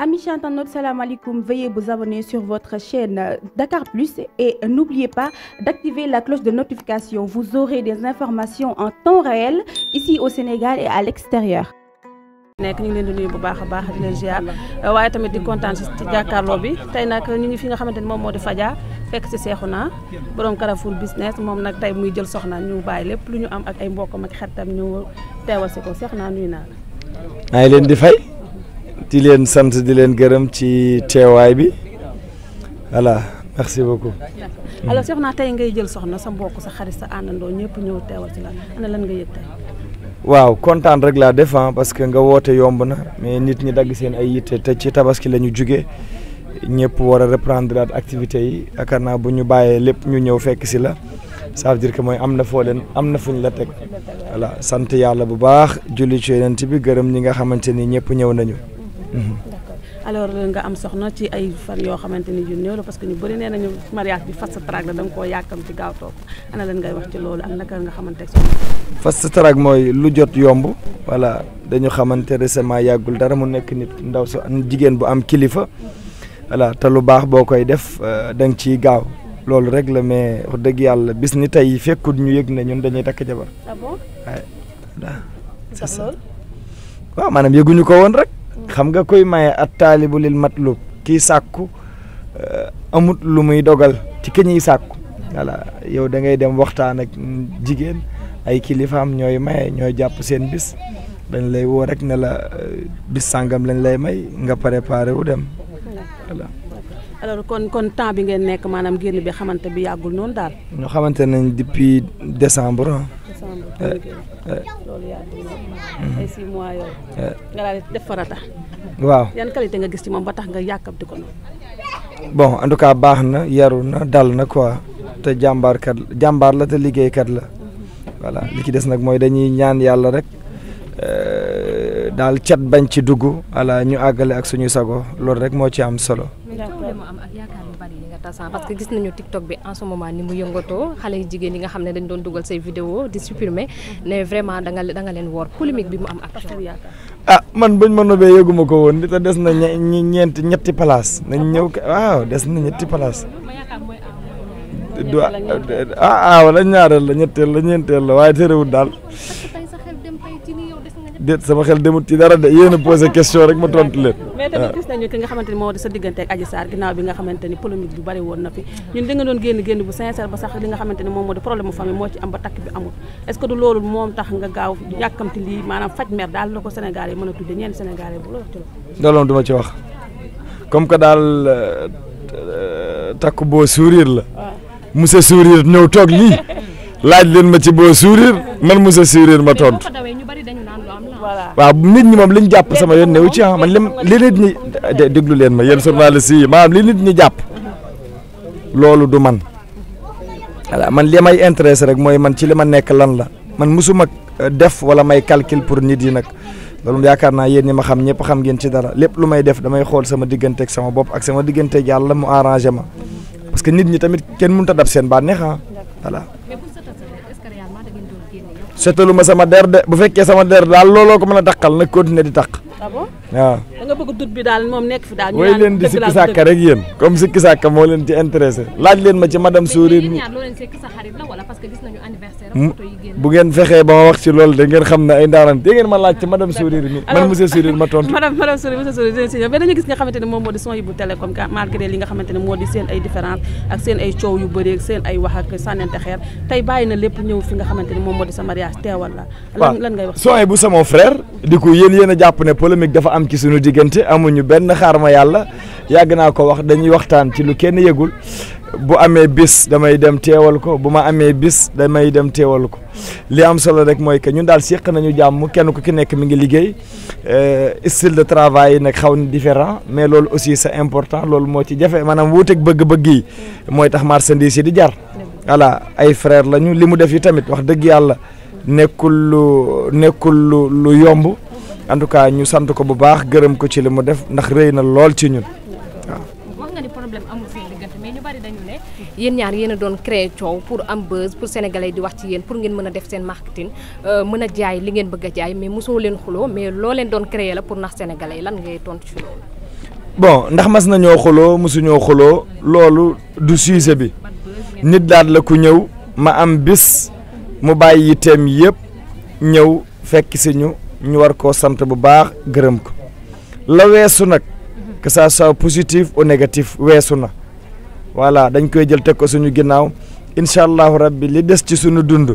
Amis chers internautes, salam alaikum. Veuillez vous abonner sur votre chaîne Dakar Plus et n'oubliez pas d'activer la cloche de notification. Vous aurez des informations en temps réel ici au Sénégal et à l'extérieur. nekk ñu ngi leen di nuyu bu baax a baax a leen ziar waaye tamit di kontaan ci jàkkaarloo bi tey nag ñu ngi fi nga xamante ni moom moo di Fadia fekk si Seexuna borom Carrefour business moom nag tey muy jël soxna ñu bàyyi lépp lu ñu am ak ay mbokkam ak xaritam ñu teewal si ko Seexuna naa la. maa di leen sant di leen gërëm ci teewaay bi voilà merci beaucoup. alors naa tey ngay jël soxna sa mbokk sa xarit sa àndandoo ñëpp ñëw teewal kontaan rek laa def ah, parce que nga woote yomb na mais nit ñi dagg seen ay yitte te ci tabaski la ñu jugee ñëpp war a activités yi yaakaar naa bu ñu bàyyee lépp ñu ñëw fekk si la ça veut dire mooy am na foo am na fuñ la teg voilà sant yàlla bu baax julli ci yonent gërëm ñi nga xamante ni ñëpp ñëw nañu. d'accord alors nga am soxna ci ay fan yoo xamante ni yu néew parce que ñu bëri nee nañu mariage bi fast track la da nga koo yàkkam ci gaaw toog ana lan ngay wax ci loolu nga xamante ak soxna. fast track mooy lu jot yomb voilà dañu xamante récemment yàggul dara mu nekk nit ndaw si jigéen bu am kilifa voilà te lu baax boo koy def euh, da nga ciy gaaw. loolu rek la mais wax dëgg yàlla bis ni tey fekkut ñu yëg ne ñun dañuy takk jabar. ah bon waaw. c'est yëguñu ko woon rek. xam nga koy maye at taalibu lil matlub kii sàkku eh, amut lu muy dogal ci ki sàkku voilà yow da ngay dem waxtaan ak jigéen ay kilifaam ñooy maye ñooy jàpp seen bis dañ lay woo rek ne la eh, bis sàngam lañ lay may nga préparé wu dem voilà. alors kon kon temps bi ngeen nekk maanaam génn bi xamante bi yàggul noonu daal. ñu xamante nañ depuis décembre. loolu waaw yan gis ci moom ba ko bon en tout cas baax na yaru na dal na ko te jàmbaarkat jàmbaar te liggéeykat la voilà li ci des nag mooy dañuy ñaan yàlla rek euh, daal cat bañ ci dugg voilà ñu àggale ak suñu sago loolu rek moo ci am solo. intéressant parce que gis nañu TikTok bi en ce moment ni mu yëngatoo xale yu jigéen yi nga xam ne dañ doon dugal say vidéo di supprimer ne vraiment da nga da nga leen woor polémique bi mu am ak ah man bañ ma nobee yëguma ko woon te des na ñi ñeenti ñetti place nañ ñëw waaw des na ñetti place ah ah wala ñaareel la ñetteel la ñeenteel la waaye terewul daal déet sama xel demut ci dara de yéen a question rek ma tontu leen. mais tamit gis nañu ki nga xamante ni moo di sa diggante ak Adji Sarr bi nga xamante ni polémique bi bari woon na fi ñun da nga doon génn génn bu sincère ba sax li nga xamante ni moom moo di problème mu famille moo ci am ba takk bi amul est-ce que du loolu moom tax nga gaaw yàkkamti lii maanaam faj mer daal la ko Sénégal yi mën a tudde ñeen Sénégal yi bu loolu ci la. loolu duma ci wax comme euh, euh, ma ci boo sourire waaw nit ñi moom li ñu jàpp sama yoon newu ci ah man lim li nit ñi déglu leen ma yéen journaliste si maanaam li nit ñi jàpp loolu du man voilà man li may intéressé rek mooy man ci li ma nekk lan la man musuma euh, def wala may calcul pour nit yi nag loolu yaakaar naa yéen ñi ma xam ñëpp xam ngeen ci dara lépp lu may def damay xool sama digganteeg sama bopp ak sama digganteeg yàlla mu arrangé ma parce que nit ñi tamit kenn mënut ta dab seen bànneex ah voilà. setalu ma sama der de bu fekkee sama der daal looloo ko mën a taqal nag continuer di taq ah bon bëgg dut bi daal moom nekk fi daal. ñu leen di sikki sàkka rek yéen comme sikki sàkka moo leen ci intéressé laaj leen ma ci madame Souris. Hmm? bu ngeen fexee ba ma wax ci loolu de xam ne ay ndaaraan te ngeen ma laaj ci madame Souris mi man monsieur Souris ma tontu. madame madame Souris monsieur Souris dinañ si ñëw gis nga xamante moom moo di son yi bu télécom malgré li nga xamante moo di seen ay différence ak seen ay coow yu bëri seen ay wax polémique dafa am ci suñu diggante amuñu benn xaar ma yàlla yàgg naa ko wax dañuy waxtaan ci lu kenn yëgul bu amee bis damay dem teewal ko bu ma amee bis damay dem teewal ko li am solo rek mooy que ñun daal séq nañu jàmm kenn ku ki nekk mu ngi liggéey euh, style de travail yi nag xaw na différent mais loolu aussi c'est important loolu moo ci jafe maanaam teg bëgg-bëgg yi mooy tax marchandise yi di jar voilà ay frère lañu li mu def yi tamit wax dëgg yàlla nekkul lu nekkul lu lu yomb en tout cas ñu sant ko bu baax gërëm ko ci li mu def ndax rëy na lool ci ñun waaw. ñu bari dañu yéen ñaar yéen a doon créer coow pour am buzz pour sénégalais di wax ci yéen pour ngeen mën a def seen marketing euh, mën a jaay li ngeen bëgg a jaay mais mosoo leen xuloo mais looleen doon créer la pour nax sénégalais lan ngay tontu ci bon ndax mas nañoo xuloo mosuñoo xuloo loolu du sujet bi nit daal la ku ñëw ma am bis mu bàyyi yitteem yëpp ñëw fekk si ñu. ñu war koo sant bu baax gërëm ko la weesu nag que ça soit positif ou négatif weesu na voilà dañ koy jël teg ko suñu ginnaaw incha allahu rabbi li des ci suñu dund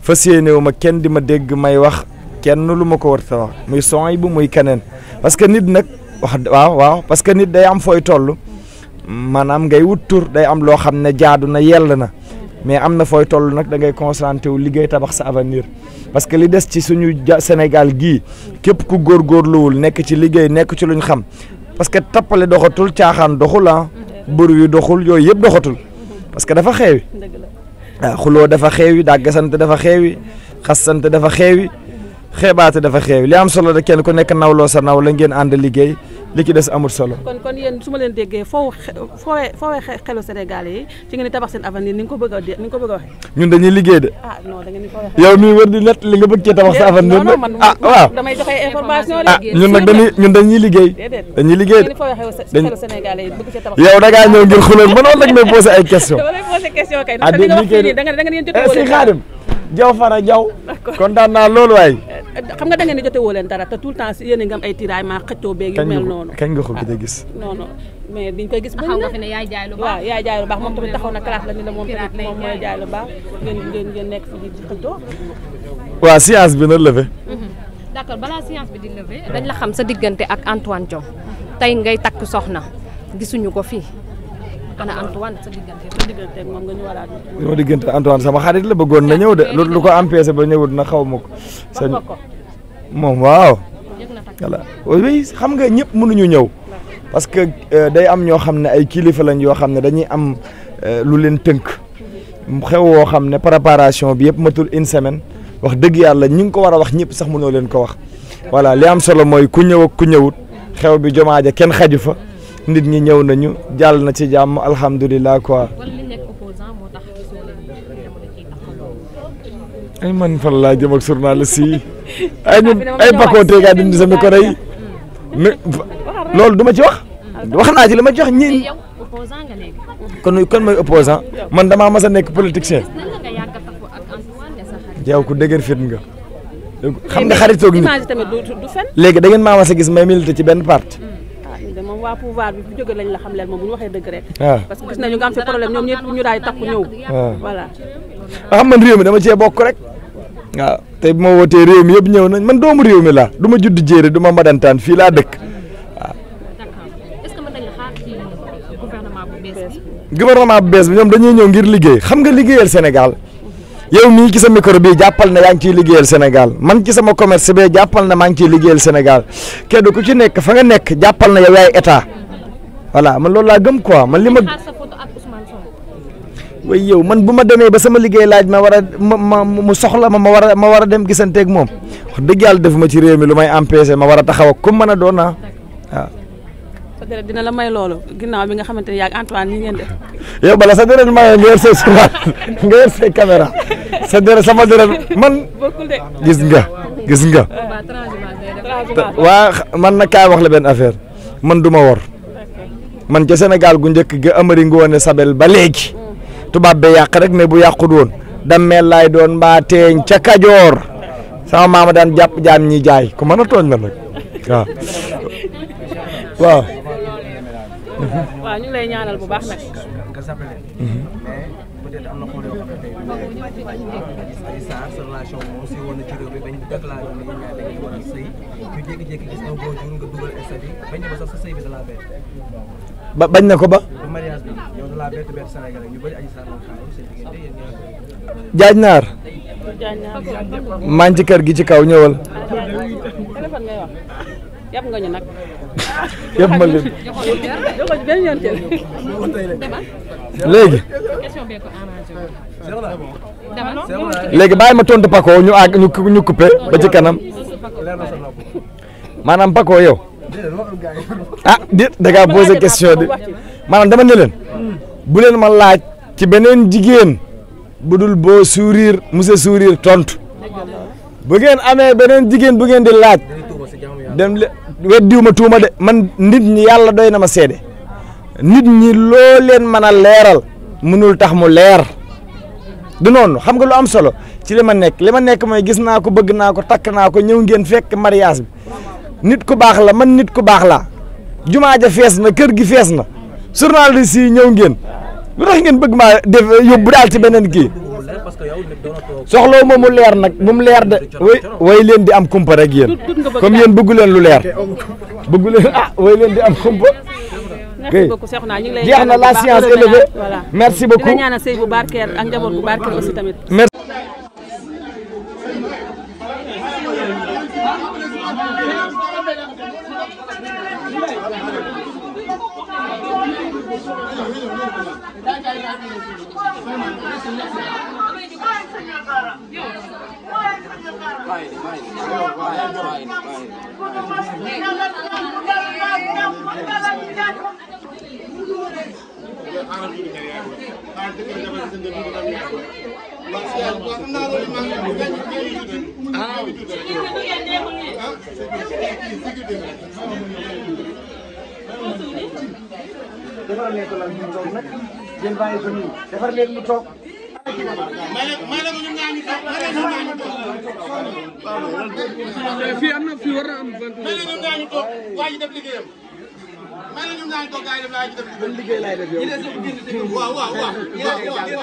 fas yéene wu ma kenn di ma dégg may wax kenn lu ma ko war a wax muy son bu muy keneen parce que nit nag wax waaw waaw parce que nit day am fooy toll maanaam ngay wut tur day am loo xam ne jaadu na yell na mais am na fooy toll nag da ngay concentré wu liggéey tabax sa avenir parce que li des ci suñu Sénégal gii képp ku góor góorluwul nekk ci liggéey nekk ci lu ñu xam parce que tappale doxatul caaxaan doxul ah bër yu doxul yooyu yëpp doxatul parce que dafa xeewi ah xuloo dafa xeewi dàggasante dafa xeewi xassante dafa xeewi xeebaate dafa xeewi li am solo de kenn ku nekk nawloo sa naw la ngeen ànd liggéey li ci des amul solo. kon kon yéen su ma leen déggee foo foowee foowee xelu Sénégalais yi ci ngeen di tabax seen avenir ni nga ko bëgg a ni nga ko bëgg a waxee. ñun dañuy liggéey de. ah da ngeen di foowee yow mii wër di net li nga bëgg cee tabax sa avenir de ah waaw ah, ñun dañuy ñun dañuy liggéey. dañuy liggéey de dañuy yow da ngir xuloon ba noonu nag may posé ay question. ah di da nga da ngeen yéen jaw fara jaw kontaan naa loolu waay. xam nga da ngeen di jote leen dara te tout le temps si yéen am ay tiraay maa xëccoo beeg yu mel noonu. kañ nga ko gëj gis. Ah, non non mais diñ koy gis. a na taxaw nga fi ne yaay jaay lu baax waaw yaay jaay lu baax moom tamit taxaw la la moom tamit moom mooy jaay lu baax ngeen ngeen ngeen nekk fii di xëccoo. waaw science bi na levé. Mhm. dañ la xam sa diggante ak Antoine Diome. tey ngay takk soxna gisuñu ko fii ana Antoine sa diggante sa sama diggante xarit la bëggoon na ñëw de lu ko empêché ba ñëwut na xaw ma ko. sañ moom waaw. voilà oui xam nga ñëpp mënuñu ñëw. parce que euh, day am ñoo xam ne ay kilifa lañ yoo xam ne dañuy am euh, lu leen tënk. xew woo xam ne préparation bi yëpp matul une semaine. wax dëgg yàlla ñi ngi ko war a wax ñëpp sax mënoo leen ko wax. voilà li am solo mooy ku ñëw ak ku ñëwut. xew bi jomaa ja kenn xaju fa. nit ñi ñëw nañu jàll na ci jàmm alhamdulilah quoi. ay man fan laa jëm ak journaliste yi ay ah, ñun ay bakkootee gaa dindi sa micro yi mm. mais loolu du ci wax. Mm. wax naa ci li ma ci wax ñi kon kon mooy man damaa mas a nekk politicien. yow ku dëgër fit nga. xam nga xaritoog ni léegi da ngeen maa mas a gis may milité ci benn parti. moom waa pouvoir bi bu jóge lañ la xam leen moom bu ñu waxee dëgg rek. waaw ah. parce que gis nañu nga am si problème ñoom ñëpp ñu daal di ñëw. Ah. voilà. ah man réew mi dama cee bokk rek. waaw ah, tey bu ma wootee réew yëpp ñëw nañ man doomu réew mi laa du ma judd jéere du ma madantaan fii laa dëkk. gouvernement bu bees bi ñoom dañuy ñëw ngir liggéey xam nga liggéeyal senegal yow mii ci sa micro bi jàppal na yaa ngi ciy liggéeyal senegal man ci sama commerce bi jàppal na maa ngi ciy liggéeyal senegal kenn ku ci nekk fa nga nekk jàppal na yow yaay état voilà man loolu laa gëm quoi man li ma. yow man bu ma demee ba sama liggéey laaj ma war a ma mu soxla ma ma war a ma war dem gisanteeg moom wax dëgg yàlla def ma ci réew mi lu may empêché ma war a taxaw ak ku mën a doona ah. waaw. sa deret dina la may loolu ginnaaw bi nga xamante ne yaa ngi Antoine ñi yow bala sa deret maye nga yor say surat nga yor say caméra sa deret sama deret man. bokkul de gis nga gis nga. waa man na kaay wax la benn affaire man du ma wor. man ca Sénégal gu njëkk ga Amari Ngoone Sabel ba léegi tubaab be yàq rek mais bu yàqut woon dammeel laay doon mbaa teeñ ca Kajoor sama maama daan jàpp jaan ñi jaay ku mën a tooñ la nag waaw ñu ngi lay ñaanal bu am na xool yoo a sëy bañ na ba ba bañ na ko ba. ba mariage bi yow jaaj naar. jaaj ci kër gi ci kaw ñëwal. yab nga ñu nag. yab ma leen léegi. léegi bàyyi ñu àgg ñu ñu coupé ba ci kanam maanaam Paco yow ah di da ngaa posé question bi maanaam dama ne leen bu leen ma laaj ci beneen jigéen bu dul boo sourire monsieur sourire tontu bu amee beneen jigéen bu ngeen di laaj. dem le diw ma tuuma de man nit ñi yàlla doy na ma seede nit ñi loo leen mën a leeral mënul tax mu leer du noonu xam nga lu am solo ci li ma nekk li ma nekk mooy gis naa ko bëgg naa ko takk naa ko ñëw ngeen fekk mariage bi nit ku baax la man nit ku baax laa jumaa ja fees na kër gi fees na journaliste si ñëw ngeen lu tax ngeen bëgg maa def yóbbu daal ci beneen kii soxla moom mu leer nag mu leer de way way leen di am kumpa rek yéen comme yéen bëggu leen lu leer bëggu leen ah way leen di am kumpa. merci beaucoup Cheikh naa ñu ngi lay na la science élevée. voilà merci beaucoup di la ñaanal sëy bu barkeel ak njaboot bu defar leen ko nag ngeen bàyyi ko nii defar leen mu toog fii am na fii war na am vingt minutes. waaw waaw waaw.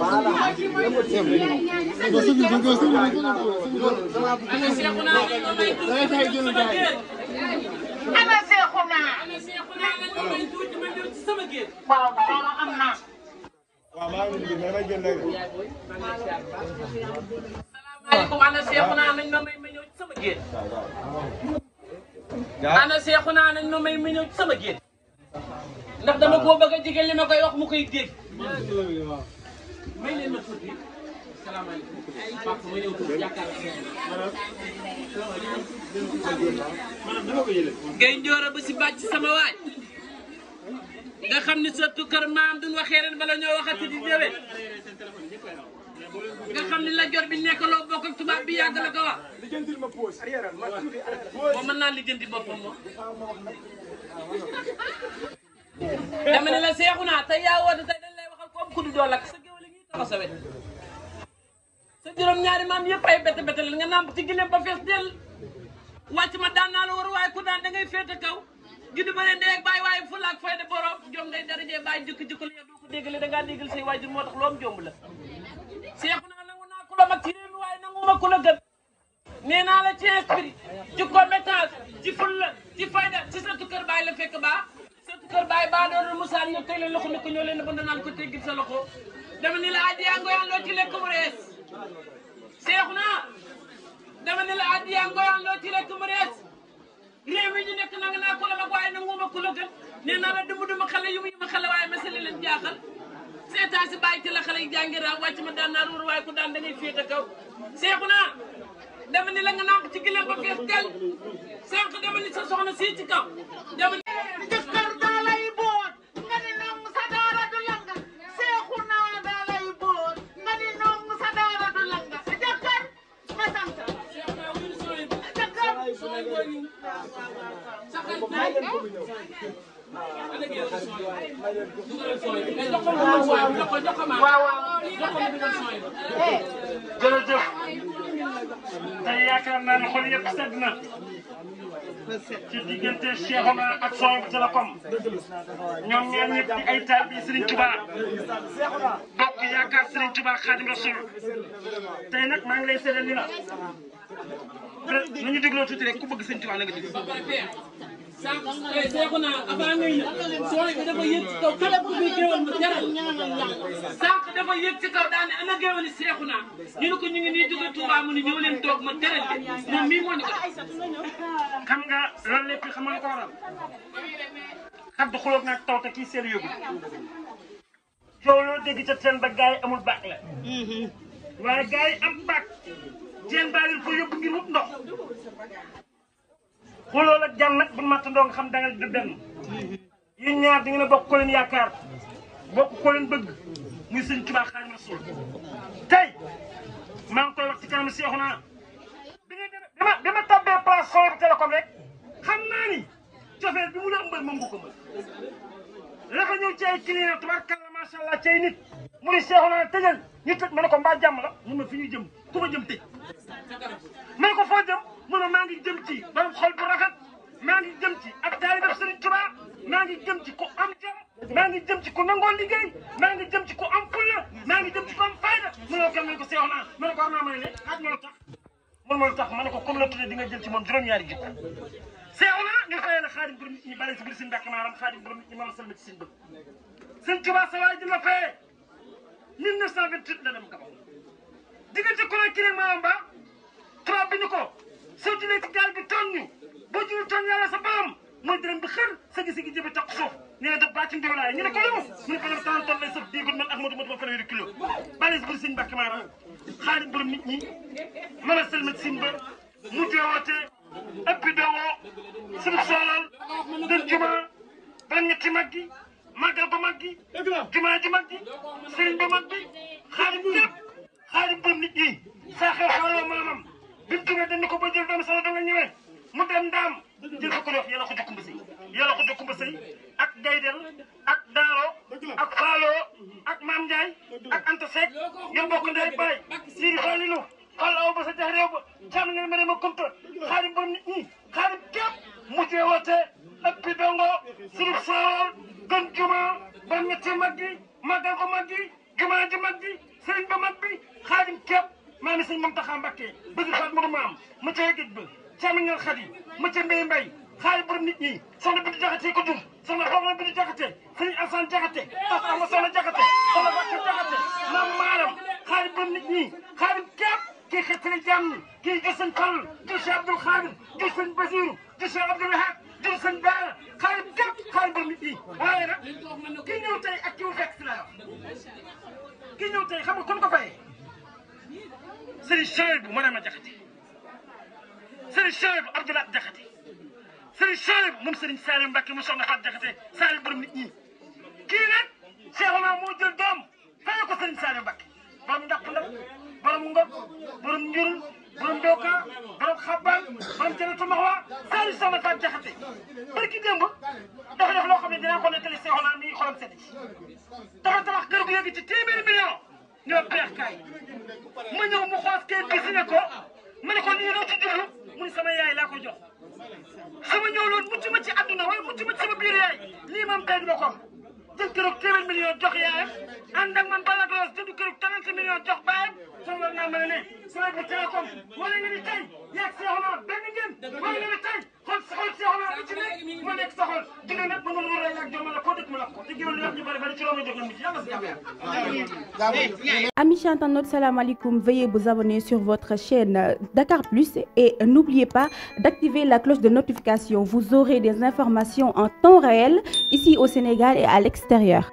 ana seexuna waaw loolu am na. waaw maa ngi nuyu mais jël léegi. salaamaaleykum ana seexuna nañ ma may ma ñëw ci sama géej. ana seexuna nañ ma may ma ñëw ci sama géej. ndax dama koo bëgg a jigéen li ma koy wax mu koy dégg. may ma tuuti salaamaaleykum parce que ma ñëw tuuti jàkkaarloo maanaam ngay njoor a ba si bàcc sama waaj nga xam ni surtout kër maam duñ waxee ren bala ñoo waxati di déwén nga xam ni la jot bi nekk loo bokk ak tubaab bi yàgg la ko wax. moom mën naa lijjanti boppam moom. dama ne la seexu naa tey yaa woote tey dañ lay waxal koom ku du ma sa sa juróom ñaari maam yëpp ay bete bete la nga nàmp ci gileem ba fees dell wàcc ma daan naa la war waaye ku daan da ngay féete kaw giddu ba leen dee bàyyi waaye fulaak fay de borom jom ngay darajee bàyyi jëkk jëkk la yow doo ko déggale da ngaa déggal say waajur moo tax loom jomb la seexu naa nangu naa ku la a ci réew mi nangu ma ku la gën nee naa la ci esprit ci compétence ci fulla ci fayda ci sa tukkër bàyyi la fekk baa surtout kër Baye Ba doon Moussa ñu teg leen loxo ne ko ñoo leen ba naan ko teggil a loxo dama ni la addiya ngoyaan loo ci lekk mu rees seexu naa dama ni la addiya ngoyaan loo ci lekk mu rees réew mi ñu nekk nanga naa ko la mag waaye nangu ma ko la gën nee naa la duma duma xale yu ma xale waaye masali leen jaaxal seetaan si bàyyi ci la xale yi jàngi raaw wàcc ma daan naa ruur waaye ku daan da ngay féete kaw seexu naa dama ni la nga nàmp ci gileem ba fees tel sa soxna sii ci kaw waaw jërëjëf tey yaakaar naa ne xol yëpp sedd na ci diggante Cheikh Omar ak Sohaybu Jalakam ñoom ñaar ñëpp di ay taalibe yi Serigne Touba bokk yaakaar Serigne Touba Xaadim Rasul tey nag maa ngi lay seedal ni la na ñu dégloo tuuti rek ku bëgg Serigne Touba na nga déglu Seexuna avant ngay yëg sooy bi dafa yëg ci kaw képp ku fi ci kaw daane ana géwal yi Seexuna ñu ne ko ñu ngi nii jóge Touba mu ne ñëw leen toog ma jaral de moom mii moo ñu ko xam nga loolu lépp xamal ko waral xaddu xuloog nag taw te kii seen yóbbu coow teen ba gars yi amul waaye gars yi am baax teen baa leen ko yóbbu ngir wut xuloo ak jàmm nag bu mattandoo nga xam da nga du benn yéen ñaar da ngeen a bokk ko leen yaakaar bokk ko leen bëgg muy sëñ Tuubaa Xaadimu Rasuul tey maa ngi koy wax ci kanam Seexuna bi nga dama bi ma tabbee place son bi télécom rek xam naa ni cofeel bi mu la ëmbal moom nga ko mën la ko ñëw ci ay client tubaarkalla macha nit mu ni Seexuna tëjal ñu ma ne ko mbaa jàmm la mun ma fi ñu jëm ku ma jëm ma ne ko foo jëm mu ne maa ngi jëm ci borom xol bu rafet maa ngi jëm ci ak taalibab Sëriñ Tuubaa maa ngi jëm ci ku am jom maa ngi jëm ci ku nangoo liggéey maa ngi jëm ci ku am fulla maa ngi jëm ci ku am fayda mu ne ko ma ne ko seex naa ma ne ko am naa ma ne ak ah loolu tax mun loolu tax ma ne ko comme la tuddee di nga jël ci moom juróom-ñaari jikko seex naa ñu fayee la xaadim borom nit ñi bari si biir seen dàkk maaram xaadim borom nit ñi moom salma ci seen bëgg Sëriñ Tuubaa sa waay di la fayee 1928 la dem Gabon diggante Conakry Maamba tubaab bi ñu ko soo jëlee ci gaal bi toon ñu boo jëlee toon yàlla sa borom mooy dërëm bi xër sa gis gi jëbe taq suuf nee na def bàcc ndewlaay ñu ne ko lu mu ne ko def tan tollay sëf diigul man ak Modou Modou ma fanweeri kilo bàyyi si bur siñ Mbàkke Maara xaalis borom nit ñi mama selmat sin ba mu joowote ëppi dowoo suñu soolal dan juma ban ñetti mag gi màggal ba mag gi juma ji mag gi sëriñ ba mag bi xaalis yëpp xaari bëm nit yi saa xew xewloo maamam bi mu tuddee dañ ko ba jël doomu sama dama ñëwee mu ak gaydel ak daaro ak faaloo ak maam Ndiaye ak Anta Seck ngeen bokk ndey baay siri faalilu xaal aw ba sa jax cam ngeen mene ma kumta xaari bëm nit ñi xaari képp mujjee woote ak pi dongo sirib sawar gën juma ba ñetti mag ko mag gi juma sëriñ ba mag bi xaadim képp maa ngi sëñ Muntaxa Mbàkke bëgg xaat mënu maam ma ca yëgit ba camiñal xat yi ma ca mbéy mbéy xaali borom nit ñi soxna bi di jaxate ko dum soxna xooxna bi di jaxate sëriñ Asan jaxate ak ama soxna jaxate soxna Bàkke jaxate maam maaram xaali borom nit ñi xaadim képp kii xettali jàmm kii jël sëñ Fall jël sëñ di Cheikh Abdoul Ahad di sëñ Bara xaar gépp xaar ba nit ñi waaye nag ki ñëw tey ak ki mu fekk si laa wax ki ñëw tey xam nga kon ko fayee sëriñ Cheikh bu Mariama Jaxate sëriñ Cheikh bu Abdoul Ahad Jaxate sëriñ Cheikh moom sëriñ Salim mu soxna Fatou Jaxate Salim borom nit ñi kii nag Cheikhuna moo jël doom fayee ko sëriñ Salim Mbacke borom ndàpp borom doka borom xabbal borom jëlatul maxwa saari soxna Fatou Diakhaté barki démb dafa def loo xam ne dinaa ko nettali Seexuna mi xolam set dafa tabax kër gu yegg ci téeméeri million ñoo peex kaay ma ñëw mu xoos kee gis ne ko ma ne ko lii loo ci jublu mu ne sama yaay laa ko jox sama ñëw loon mucc ma ci àdduna waaye mucc ma ci sama biir yaay lii moom tey du jël këroog téeméer million jox yaayam ànd ak man bala doos jël këroog trente million jox baayam soxla naa mën a ne. soo ko télécom wala nga ni tey yaa ngi see benn ngeen wala nga ni tey. xool sa xool si xanaa salam alaikum. Veuillez vous sur votre chaîne Dakar Plus et n'oubliez pas d'activer la cloche de notification. Vous aurez des informations en temps réel ici au Sénégal et à l'extérieur.